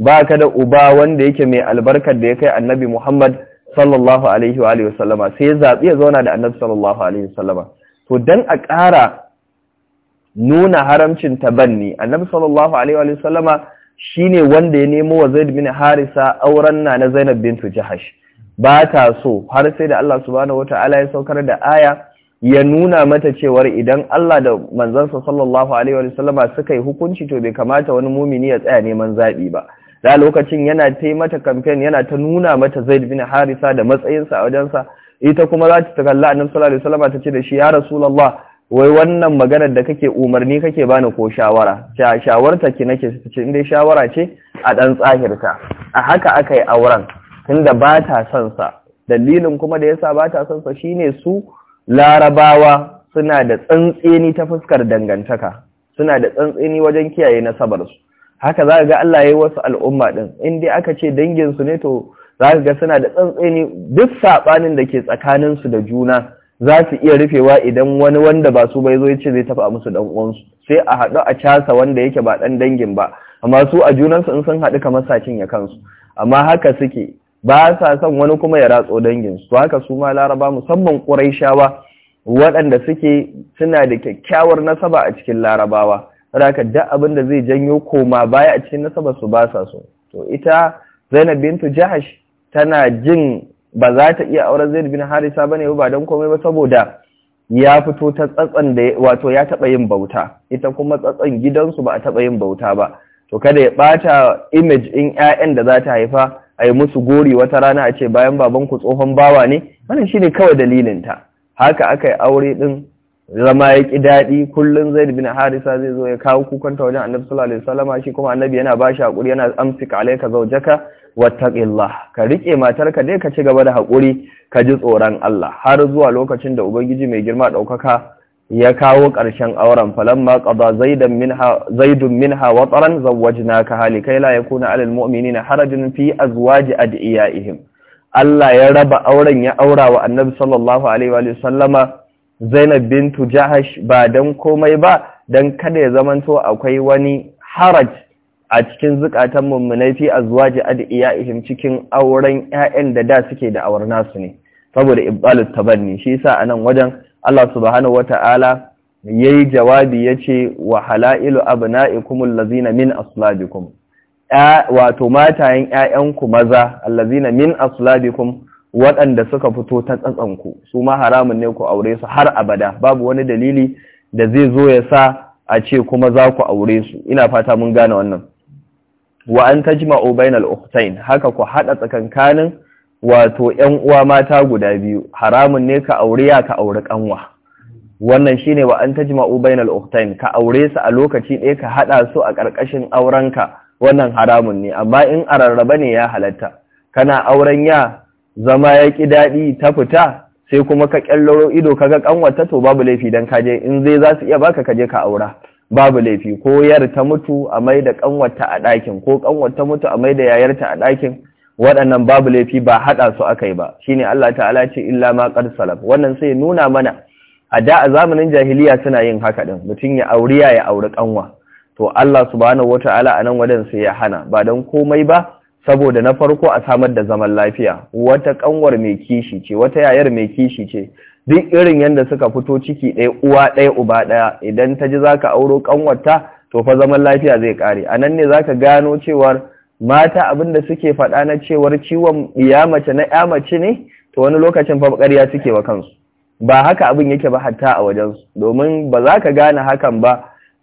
baka da uba wanda yake mai albarkar da ya kai annabi Muhammad sallallahu alaihi wa alihi wasallama sai ya zaɓi ya zauna da annabi sallallahu alaihi wasallama to dan a ƙara nuna haramcin tabanni annabi sallallahu alaihi wa alihi wasallama Shi ne wanda ya nemo wa Zaid bin Harisa auren na na Zainab bintu Jahash ba ta so har sai da Allah subhanahu wataala ya saukar da aya ya nuna mata cewar idan Allah da manzansa sallallahu alaihi wa sallama suka yi hukunci to bai kamata wani mumini ya tsaya neman zabi ba da lokacin yana ta mata campaign yana ta nuna mata Zaid bin Harisa da matsayinsa a wajensa ita kuma za ta kalla annabi sallallahu alaihi wa sallama ta ce da shi ya rasulullah wai wannan maganar da kake umarni kake bani ko shawara sha shawarta ki nake ce indai shawara ce a ɗan tsahirta a haka aka yi auren tunda ba ta son sa dalilin kuma da yasa ba ta son sa shine su larabawa suna da tsantseni ta fuskar dangantaka suna da tsantseni wajen kiyaye nasabar su haka za ga Allah yayi wasu al'umma din in dai aka ce dangin su ne to za ga suna da tsantseni duk sabanin da ke tsakanin su da juna za su iya rufewa idan wani wanda ba su bai zo ya zai tafi a musu dan uwansu sai a haɗu a casa wanda yake ba dan dangin ba amma su a junansu in sun haɗu kamar sakin ya kansu amma haka suke ba sa son wani kuma ya ratso dangin su haka su ma laraba musamman quraishawa waɗanda suke suna da kyakkyawar nasaba a cikin larabawa haka duk abin da zai janyo koma baya a cikin nasabar su ba sa so to ita Zainab bintu Jahash tana jin ba za ta iya auren zai bin harisa ba ne. ba don komai ba saboda ya fito ta tsatsan da wato ya taɓa yin bauta ita kuma tsatsan gidansu ba a taɓa yin bauta ba to kada ya ɓata image in ƴaƴan da za ta haifa a yi musu gori wata rana a ce bayan ku tsohon bawa ne wannan shine kawai dalilin ta haka aka yi aure din zama ya ƙi daɗi kullum zai bin harisa zai zo ya kawo kukan ta wajen annabi sallallahu alaihi shi kuma annabi yana ba shi haƙuri yana amsika alaika zaujaka wattaqillah ka rike matarka dai ka ci gaba da haƙuri ka ji tsoron Allah har zuwa lokacin da ubangiji mai girma ɗaukaka ya kawo ƙarshen auren falamma qada zaidan minha zaidun minha wataran zawwajnaka halikai la yakuna alal mu'minina harajun fi azwaji adiyaihim Allah ya raba auren ya aura wa Annabi sallallahu alaihi wa sallama Zainab bintu Jahash ba dan komai ba dan kada ya zamanto akwai wani haraj a cikin zukatan mummunai fi azwaji adiyaihim cikin auren 'ya'yan da da suke da auren nasu ne saboda ibbalut tabanni shi yasa anan wajen Allah subhanahu wata'ala yayi jawabi yace wa halailu abna'ikum allazina min aslabikum wato matayen 'ya'yanku maza allazina min aslabikum waɗanda suka fito ta tsatsanku su ma haramun ne ku aure su har abada babu wani dalili da zai zo ya sa a ce kuma za ku aure su ina fata mun gane wannan wa an tajma'u bainal ukhtayn haka ku haɗa tsakankanin wato 'yan uwa mata guda biyu haramun ne ka aure ya ka aure ƙanwa? wannan shine wa an tajma'u bainal ukhtayn ka aure su a lokaci ɗaya ka haɗa su a ƙarƙashin aurenka wannan haramun ne amma in a rarraba ne ya halatta kana auren ya zama ya ki daɗi ta fita sai kuma ka kyallaro ido kaga ta to babu laifi dan kaje in zai za su iya baka kaje ka aura babu laifi ko yar ta mutu a mai da kanwarta a ɗakin ko ta mutu a mai da yayarta a ɗakin waɗannan babu laifi ba haɗa su aka yi ba ne Allah ta'ala ce illa ma qad salaf wannan sai nuna mana a da a zamanin jahiliya suna yin haka din mutum ya auriya ya auri kanwa to Allah subhanahu wata'ala anan wadan sai ya hana ba dan komai ba saboda na farko a samar da zaman lafiya wata kanwar mai kishi ce wata yayar mai kishi ce duk irin yadda suka fito ciki ɗaya uwa ɗaya uba ɗaya idan ta ji za ka auro ƙanwarta to fa zaman lafiya zai ƙare a nan ne za ka gano cewar mata abin da suke faɗa na cewar ciwon ya mace na ya mace ne to wani lokacin fa ƙarya suke wa kansu ba haka abin yake ba hatta a wajensu domin ba za ka gane hakan ba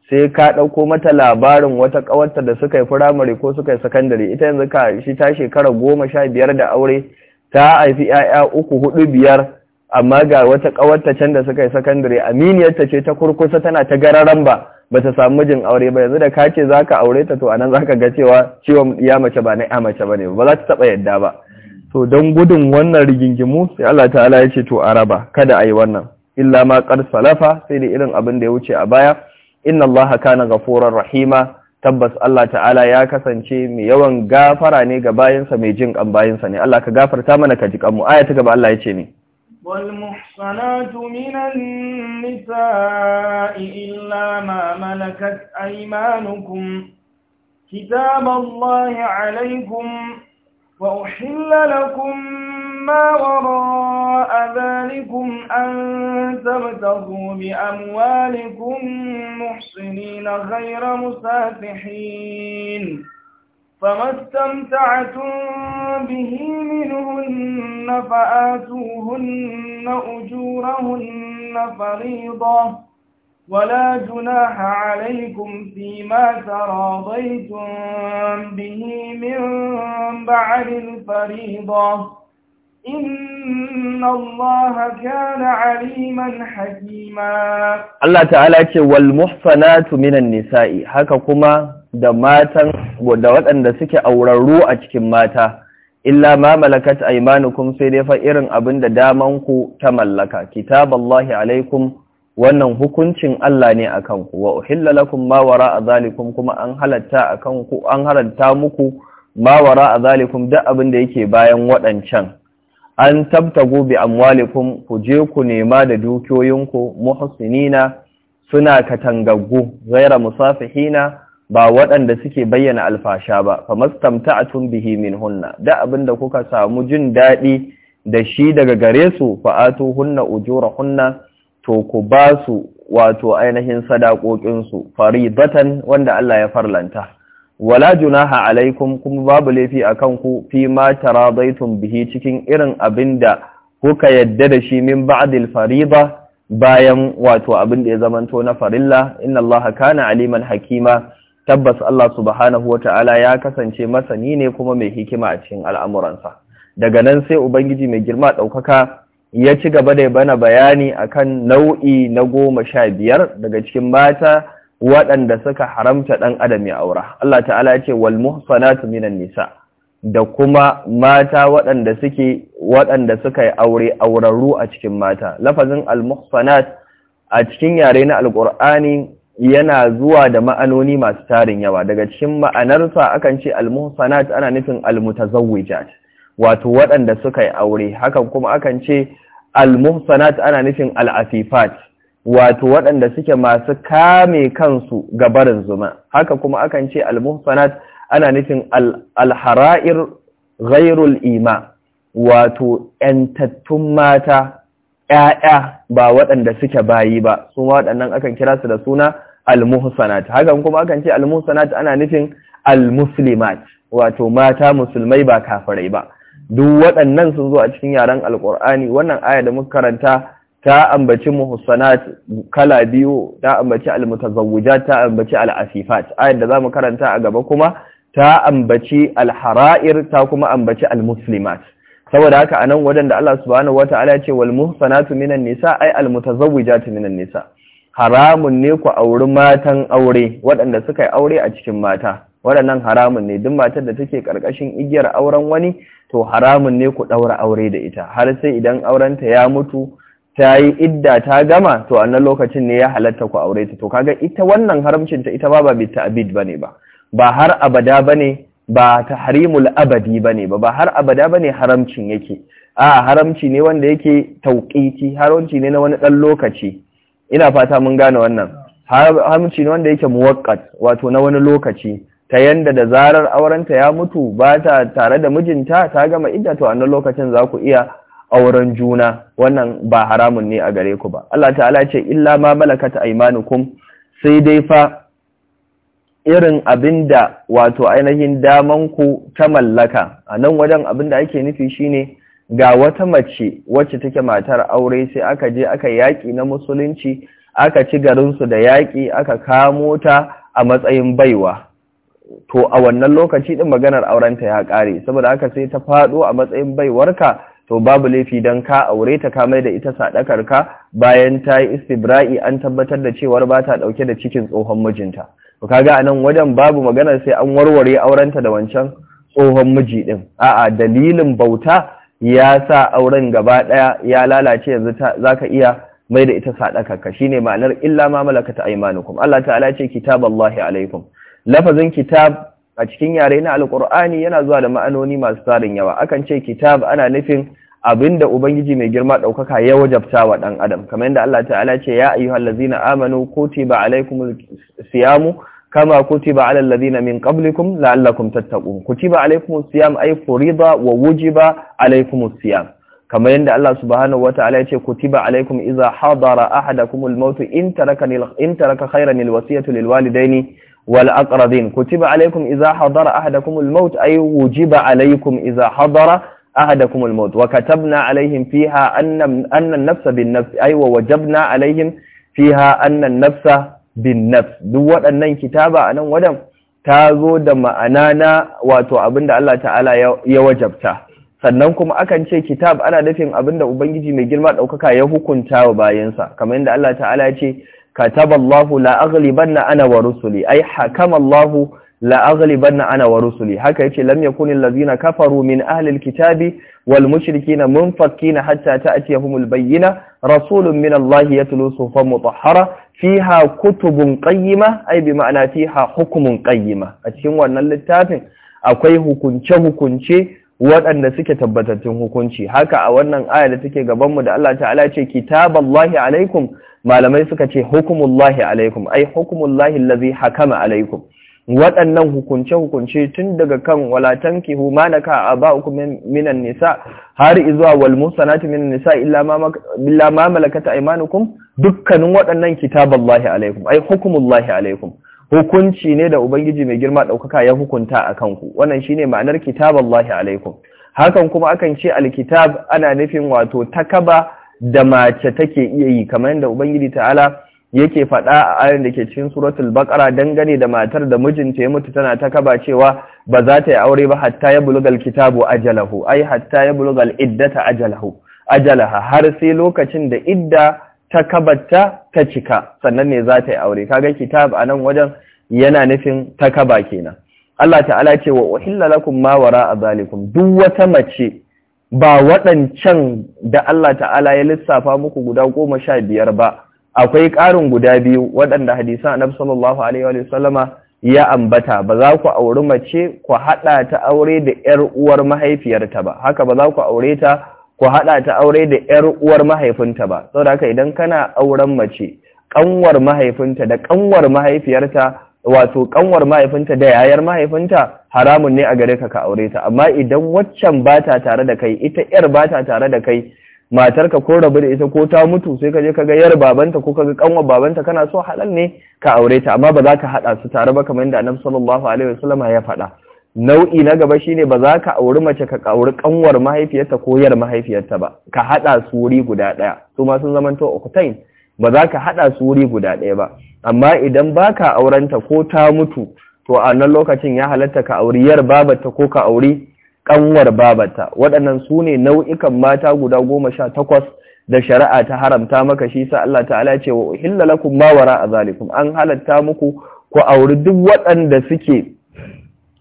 sai ka ɗauko mata labarin wata ƙawarta da suka yi firamare ko suka yi sakandare ita yanzu ka shi ta shekara goma sha biyar da aure ta haifi 'ya'ya uku hudu biyar amma ga wata kawarta can da suka yi sakandare aminiyarta ce ta kurkusa tana ta gararan ba ba ta samu mijin aure ba yanzu da ka ce za ka aure ta to a nan za ka ga cewa ciwon ya mace ba na ya mace ba ne ba za ta taɓa yadda ba to don gudun wannan rigingimu sai Allah ta'ala ya ce to a raba kada a yi wannan illa ma kar salafa sai da irin abin da ya wuce a baya inna Allah kana ghafurar rahima tabbas Allah ta'ala ya kasance mai yawan gafara ne ga bayinsa mai jin kan bayinsa ne Allah ka gafarta mana ka ji kanmu aya ta gaba Allah ya ce ne والمحصنات من النساء إلا ما ملكت أيمانكم كتاب الله عليكم وأحل لكم ما وراء ذلكم أن تبتغوا بأموالكم محصنين غير مسافحين فما استمتعتم به منهن فآتوهن أجورهن فريضة ولا جناح عليكم فيما تراضيتم به من بعد الفريضة إن الله كان عليما حكيما الله تعالى والمحصنات من النساء هكا كما da matan da waɗanda suke aurarru a cikin mata illa ma malakat aymanukum sai dai fa irin abin da daman ku ta mallaka kitaballahi alaikum wannan hukuncin Allah ne akan ku wa uhilla lakum ma wara azalikum kuma an halatta akan ku an haranta muku ma wara azalikum duk abin da yake bayan waɗancan an tabtagu bi amwalikum ku je ku nema da dukiyoyinku muhsinina suna katangaggu ghaira musafihina ba waɗanda suke bayyana alfasha ba a tun bihi hunna da abinda kuka samu jin daɗi da shi daga gare su hunna ujura hunna to ku ba su wato ainihin sadakokin su batan wanda Allah ya farlanta wala junaha alaikum kuma babu laifi akan ku fi ma taradaitum bihi cikin irin abinda kuka yadda da shi min ba'adil farida bayan wato abin da ya zamanto na farilla inna allaha kana aliman hakima tabbas Allah subhanahu wata'ala ya kasance masani ne kuma mai hikima a cikin al'amuransa daga nan sai ubangiji mai girma ɗaukaka ya ci gaba da bana bayani akan nau'i na goma sha biyar daga cikin mata waɗanda suka haramta ɗan adam ya aura Allah ta'ala ya ce wal muhsanatu minan nisa da kuma mata waɗanda suke waɗanda suka yi aure aurarru a cikin mata lafazin al muhsanat a cikin yare na alqur'ani yana zuwa da ma'anoni masu tarin yawa daga cikin ma'anarsa akan ce almuhsanat ana nufin almutazawwijat wato waɗanda suka yi aure hakan kuma akan ce almuhsanat ana nufin al'afifat wato waɗanda suke masu kame kansu ga barin zuma haka kuma akan ce almuhsanat ana nufin alhara'ir ghairul ima wato ‘yantattun mata ‘ya'ya ba waɗanda suke bayi ba, su waɗannan akan kira su da suna al-muhsanat hakan kuma akan ce al-muhsanat ana nufin al-muslimat wato mata musulmai ba kafirai ba duk waɗannan sun zo a cikin yaren alkur'ani wannan aya da muka karanta ta ambaci muhsanat kala biyu ta ambaci al-mutazawwijat ta ambaci al'afifat ayar da zamu karanta a gaba kuma ta ambaci alhara'ir ta kuma ambaci al-muslimat saboda haka anan wadanda Allah subhanahu wataala ya ce wal muhsanatu minan nisa ay almutazawwijat minan nisa haramun ne ku auri matan aure waɗanda suka yi aure a cikin mata waɗannan haramun ne duk matar da take ƙarƙashin igiyar auren wani to haramun ne ku ɗaura aure da ita har sai idan aurenta ya mutu ta yi idda ta gama to a nan lokacin ne ya halatta ku aure ta to kaga ita wannan haramcinta ita ba ba ta abid bane ba ba har abada bane ba ta Harimul abadi bane ba ba har abada bane haramcin yake a haramci ne wanda yake tauƙiƙi haramci ne na wani ɗan lokaci ina fata mun gane wannan hamci ne wanda yake muwakkat wato na wani lokaci ta yanda da zarar aurenta ya mutu ba ta tare da mijinta ta gama idda to annan lokacin za ku iya auren juna wannan ba haramun ne a gare ku ba Allah ta'ala ce illa ma malakat aymanukum sai dai fa irin abinda wato ainihin daman ku ta mallaka anan nan wajen abinda ake nufi shine ga wata mace wacce take matar aure sai aka je aka yaƙi na musulunci aka ci garinsu da yaƙi aka kamo ta a matsayin baiwa to a wannan lokaci din maganar aurenta ya ƙare saboda haka sai ta faɗo a matsayin baiwarka to babu laifi don ka aure ta kamar da ita sadakarka bayan ta yi istibra'i an tabbatar da cewar ba ta ɗauke da cikin tsohon mijinta to kaga a nan wajen babu maganar sai an warware aurenta da wancan tsohon miji ɗin a'a dalilin bauta ya sa auren gaba ɗaya ya lalace yanzu za ka iya mai da ita sadakaka shine ma'anar illa ma malakata aymanukum Allah ta'ala ce kitaballahi alaikum lafazin kitab a cikin yare na alkur'ani yana zuwa da ma'anoni masu tarin yawa akan ce kitab ana nufin abinda ubangiji mai girma daukaka ya wajabta wa dan adam kamar yadda Allah ta'ala ce ya ayyuhallazina amanu kutiba alaikumus siyamu kama kutiba ala alladhina min qablikum la'allakum tattaqun kutiba alaykumus siyam ay furida wa wujiba alaykumus siyam kamar yadda Allah subhanahu wata'ala yace kutiba alaykum idza hadara ahadakumul maut in taraka in taraka khayran alwasiyatu lilwalidaini wal aqrabin kutiba alaykum idza hadara ahadakumul maut ay wujiba alaykum idza hadara ahadakumul maut wa katabna alayhim fiha anna anna an-nafsa bin-nafs ay wa wajabna alayhim fiha anna an-nafsa bin duk waɗannan kitaba a nan wadan ta zo da ma'ana na wato abinda Allah ta'ala ya wajabta sannan kuma akan ce kitab ana nufin abinda ubangiji mai girma ɗaukaka ya hukunta wa bayansa kamar yadda Allah ta'ala ya ce kataballahu la aghlibanna ana wa rusuli ai hakamallahu la aghlibanna ana wa rusuli haka yace lam yakun allazina kafaru min ahli kitabi wal mushrikina munfakina hatta ta'tiyahumul bayyina rasulun min allahi yatlu sufan mutahhara fiha kutubun qayyima ai bi ma'ana fiha hukumun qayyima a cikin wannan littafin akwai hukunce hukunce waɗanda suke tabbatattun hukunci haka a wannan aya da take gaban mu da Allah ta'ala ce kitaballahi alaikum malamai suka ce hukumullahi alaikum ai hukumullahi allazi hakama alaikum waɗannan hukunce-hukunce tun daga kan walatanki humanaka a aba'ukum minan nisa har izuwa wal musanati minan nisa illa ma malakata aymanukum dukkanin waɗannan kitaballahi alaikum ai hukumullahi alaikum hukunci ne da ubangiji mai girma ɗaukaka ya hukunta a kanku wannan shi ne ma'anar kitaballahi alaikum hakan kuma akan ce alkitab ana nufin wato takaba da mace take iya yi kamar yadda ubangiji ta'ala yake faɗa a ayin da ke cikin suratul baƙara, dangane da matar da mijinta ya mutu tana takaba cewa ba za ta yi aure ba hatta ya bulugal kitabu ajalahu ai hatta ya bulugal iddata ajalahu ajalaha har sai lokacin da idda ta kabarta ta cika sannan ne za ta yi aure kaga kitab a nan wajen yana nufin ta kaba kenan Allah ta'ala ce wa uhilla lakum ma wara azalikum duk wata mace ba waɗancan da Allah ta'ala ya lissafa muku guda goma sha biyar ba akwai ƙarin guda biyu waɗanda hadisan annabi sallallahu alaihi wa sallama ya ambata ba za ku auri mace ku haɗa ta aure da ƴar uwar mahaifiyarta ba haka ba za ku aure ta ku haɗa ta aure da ‘yar uwar mahaifinta ba, saboda haka idan kana auren mace, ƙanwar mahaifinta da ƙanwar mahaifiyarta, wato ƙanwar mahaifinta da yayar mahaifinta haramun ne a gare ka ka aure ta, amma idan waccan ba ta tare da kai, ita ‘yar ba ta tare da kai, matarka ko rabu da ita ko ta mutu sai ka je ka ga yar babanta ko ka ga ƙanwar babanta kana so halal ne ka aure ta, amma ba za ka haɗa su tare ba kamar yadda annabi sallallahu alaihi wasallam ya faɗa. nau'i na gaba shine ba za ka auri mace ka auri kanwar mahaifiyarta ko yar mahaifiyarta ba ka hada su wuri guda daya su ma sun zamanto octane ba za ka hada su wuri guda daya ba amma idan ba ka aurenta ko ta mutu to a nan lokacin ya halatta ka auri yar babarta ko ka auri kanwar babarta waɗannan su ne nau'ikan mata guda goma sha takwas da shari'a ta haramta maka shi sa Allah ta'ala ce wa uhilla lakum ma wara'a zalikum an halatta muku ku auri duk waɗanda suke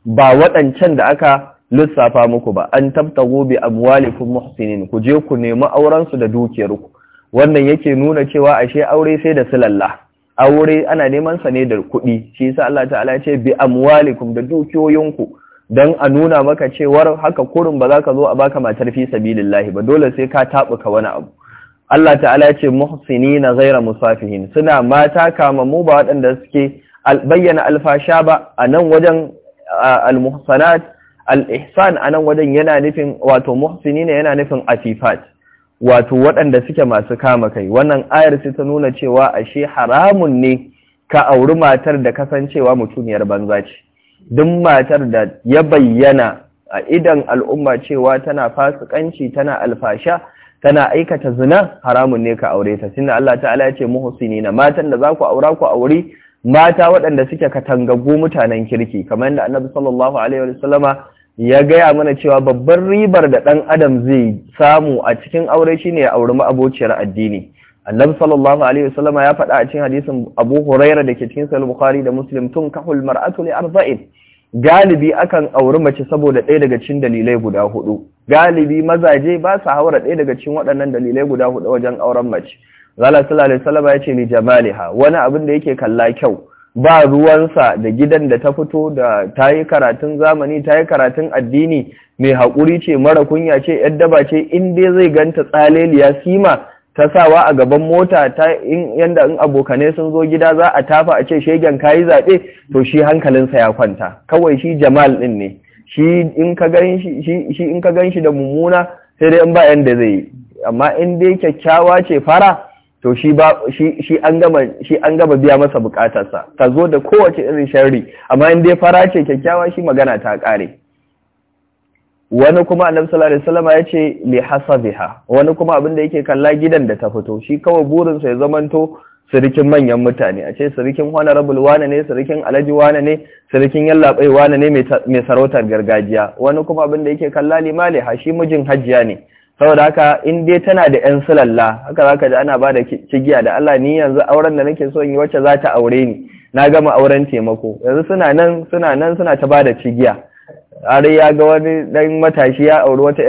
ba waɗancan da aka lissafa muku ba an tabtago bi amwalikum muhsinin ku je ku nemi auren su da dukiyarku wannan yake nuna cewa ashe aure sai da silalla aure ana neman sa ne da kuɗi shi yasa Allah ta'ala ya ce bi amwalikum da dukiyoyinku dan a nuna maka cewar haka kurin ba za ka zo a baka matar fi sabilillahi ba dole sai ka tabuka wani abu Allah ta'ala ce muhsinina zaira musafihin suna mata kama mu ba waɗanda suke bayyana alfasha ba a nan wajen al-muhsanat al-ihsan anan wajen yana nufin wato muhsinina yana nufin afifat wato waɗanda suke masu kama kai wannan ayar sai ta nuna cewa ashe haramun ne ka auri matar da kasancewa mutumiyar banza ce duk matar da ya bayyana a idan al'umma cewa tana fasikanci tana alfasha tana aikata zina haramun ne ka aure ta tunda Allah ta'ala ya ce muhsinina matan da za ku aura ku aure mata waɗanda suke katangaggu mutanen kirki kamar yadda annabi sallallahu alaihi wa sallama ya gaya mana cewa babban ribar da ɗan adam zai samu a cikin aure shine ya auri ma'abociyar addini annabi sallallahu alaihi wa sallam ya faɗa a cikin hadisin abu huraira da ke cikin sahih bukhari da muslim tun kahul mar'atu li arba'in galibi akan auri mace saboda ɗaya daga cikin dalilai guda hudu galibi mazaje ba su haura ɗaya daga cikin waɗannan dalilai guda hudu wajen auren mace zala sallallahu alaihi ya ce ni jamaliha wani abin da yake kalla kyau ba ruwansa da gidan da ta fito da ta yi karatun zamani ta yi karatun addini mai haƙuri ce mara kunya ce yar daba ce in dai zai ganta tsaleliya sima ta sawa a gaban mota ta in yanda in abokanai sun zo gida za a tafa a ce shegen kayi zaɓe to shi hankalinsa ya kwanta kawai shi jamal ɗin ne shi in ka gan shi da mummuna sai dai in ba yanda zai yi amma in dai kyakkyawa ce fara to shi ba shi shi an gama shi an gama biya masa bukatarsa ka zo da kowace irin sharri amma in dai fara ce kyakkyawa shi magana ta kare wani kuma annabi sallallahu alaihi wasallam ya ce li hasabiha wani kuma abin da yake kalla gidan da ta fito shi kawai burin sa ya zamanto sirikin manyan mutane a ce sirikin honorable wane ne sirikin alhaji wane ne sirikin yallabai wane ne mai sarautar gargajiya wani kuma abin da yake kalla limali ha shi mijin hajjiya ne saboda haka in dai tana da yan sulalla haka zaka ji ana ba da cigiya da Allah ni yanzu auren da nake so in yi wacce za ta aure ni na gama auren taimako yanzu suna nan suna nan suna ta ba da cigiya har ya ga wani dan matashi ya auri wata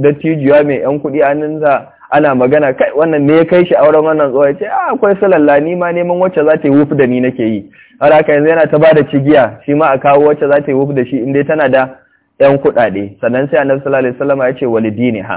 dattijuwa mai yan kuɗi hannunsa ana magana kai wannan ne ya kai shi auren wannan tsohon ya ce a ah, akwai salalla ni ma neman wacce za ta yi wuf da ni nake yi har haka yanzu yana ta ba da cigiya shi ma a kawo wacce za ta yi wuf da shi inda tana da 'yan kuɗaɗe sannan sai annabi sallallahu alaihi wasallam ya ce ha,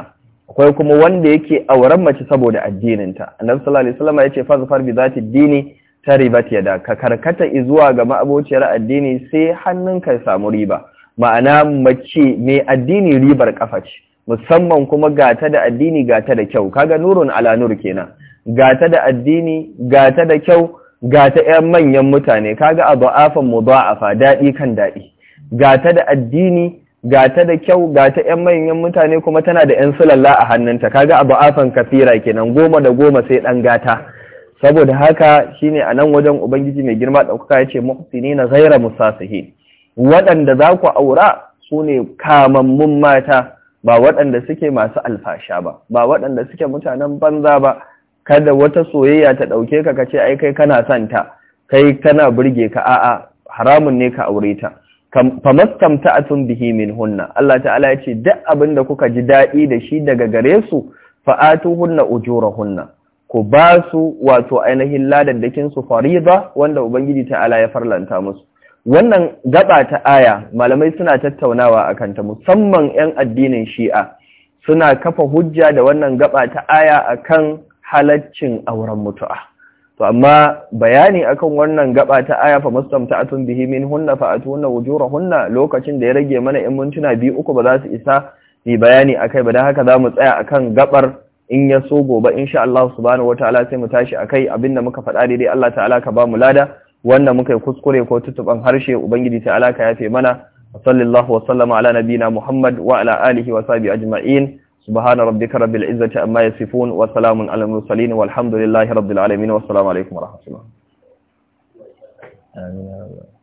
akwai kuma wanda yake auren mace saboda addininta annabi sallallahu alaihi wasallam ya ce fazfar bi zati dini ta ribat yada ka karkata zuwa ga ma'abociyar addini sai hannun ya samu riba ma'ana mace mai addini ribar kafa ce musamman kuma gata da addini gata da kyau kaga nurun ala nur kenan gata da addini gata da kyau ga ta ƴan manyan mutane kaga a mu ba'afa daɗi kan dadi gata da addini ga ta da kyau ga ta yan manyan mutane kuma tana da yan sulalla a hannunta kaga abu afan kafira kenan goma da goma sai ɗan gata saboda haka shine a nan wajen ubangiji mai girma ɗaukaka ya ce muhsinina ghaira musasihin waɗanda za ku aura su ne kamammun mata ba waɗanda suke masu alfasha ba ba waɗanda suke mutanen banza ba kada wata soyayya ta ɗauke ka ka ce ai kai kana santa kai kana burge ka a'a haramun ne ka aure ta famastamta'atun bihi hunna, Allah ta'ala ya ce duk abin da kuka ji daɗi da shi daga gare su ujura hunna, ku ba su wato ainihin ladaddakin su fariba wanda ubangiji ta'ala ya farlanta musu wannan gaba ta aya malamai suna tattaunawa akan ta musamman 'yan addinin shi'a suna kafa hujja da wannan gaba ta aya akan halaccin auren mutu'a to amma bayani akan wannan gaba ta aya fa mustamta'atun bihi min hunna fa atuna wujurahunna lokacin da ya rage mana in mun tuna bi uku ba za su isa ni bayani akai ba dan haka zamu tsaya akan gabar in ya so gobe insha Allah subhanahu wataala sai mu tashi akai abinda muka faɗa daidai Allah ta'ala ka ba mu lada wanda muka yi kuskure ko tutuban harshe ubangiji ta'ala ka yafe mana sallallahu wa ala nabina muhammad wa ala alihi wa sahbihi ajma'in subhana rabbika rabbil izzati amma yasifun wa salamun alal mursalin walhamdulillahi rabbil alamin wassalamu alaikum warahmatullahi amin